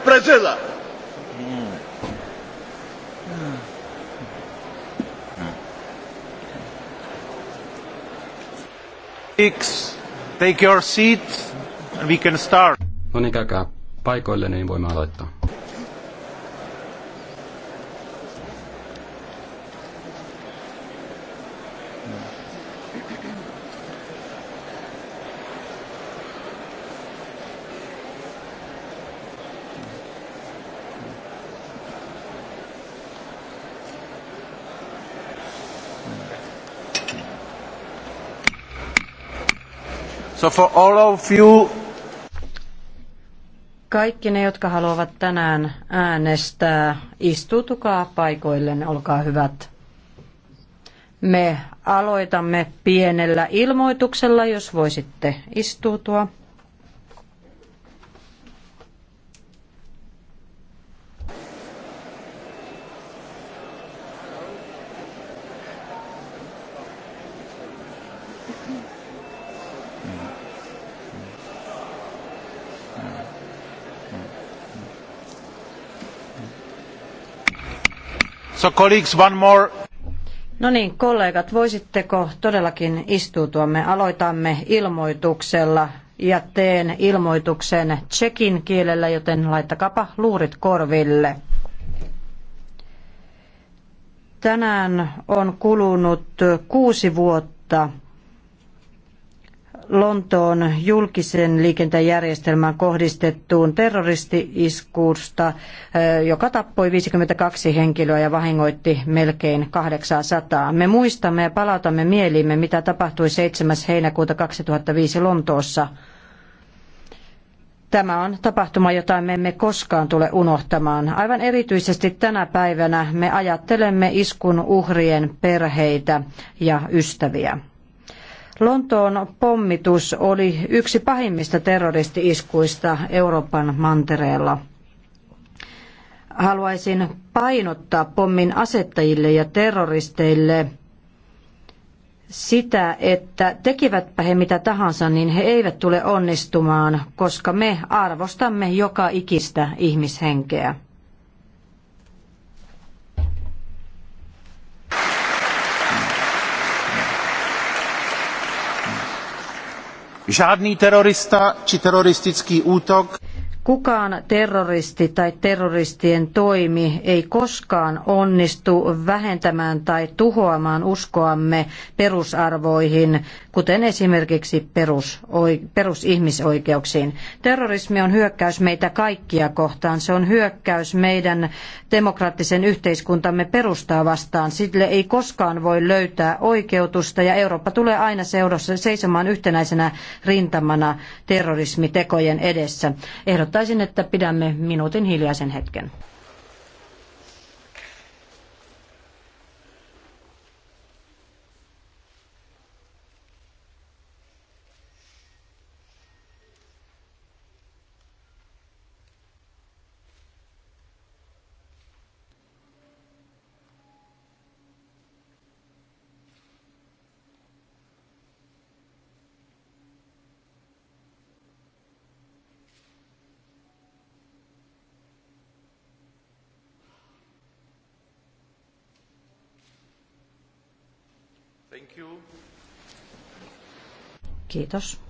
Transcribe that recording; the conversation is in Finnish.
presela. Take your seat and we can start. No niin, käykää paikoille, niin voimme aloittaa. So for all of you... Kaikki ne, jotka haluavat tänään äänestää, istuutukaa paikoilleen, olkaa hyvät. Me aloitamme pienellä ilmoituksella, jos voisitte istuutua. Thank you. So colleagues, one more. No niin, kollegat, voisitteko todellakin istuutua? Me aloitamme ilmoituksella ja teen ilmoituksen tsekin kielellä, joten laittakapa luurit korville. Tänään on kulunut kuusi vuotta Lontoon julkisen liikenteen järjestelmään kohdistettuun terroristi-iskuusta, joka tappoi 52 henkilöä ja vahingoitti melkein 800. Me muistamme ja palautamme mieliimme, mitä tapahtui 7. heinäkuuta 2005 Lontoossa. Tämä on tapahtuma, jota me emme koskaan tule unohtamaan. Aivan erityisesti tänä päivänä me ajattelemme iskun uhrien perheitä ja ystäviä. Lontoon pommitus oli yksi pahimmista terroristi-iskuista Euroopan mantereella. Haluaisin painottaa pommin asettajille ja terroristeille sitä, että tekivätpä he mitä tahansa, niin he eivät tule onnistumaan, koska me arvostamme joka ikistä ihmishenkeä. žádný terorista či teroristický útok Kukaan terroristi tai terroristien toimi ei koskaan onnistu vähentämään tai tuhoamaan uskoamme perusarvoihin, kuten esimerkiksi perusihmisoikeuksiin. Terrorismi on hyökkäys meitä kaikkia kohtaan. Se on hyökkäys meidän demokraattisen yhteiskuntamme perustaa vastaan. Sille ei koskaan voi löytää oikeutusta ja Eurooppa tulee aina seudossa seisomaan yhtenäisenä rintamana terrorismitekojen edessä. Ehdot ehdottaisin, että pidämme minuutin hiljaisen hetken. Thank you. Kiitos.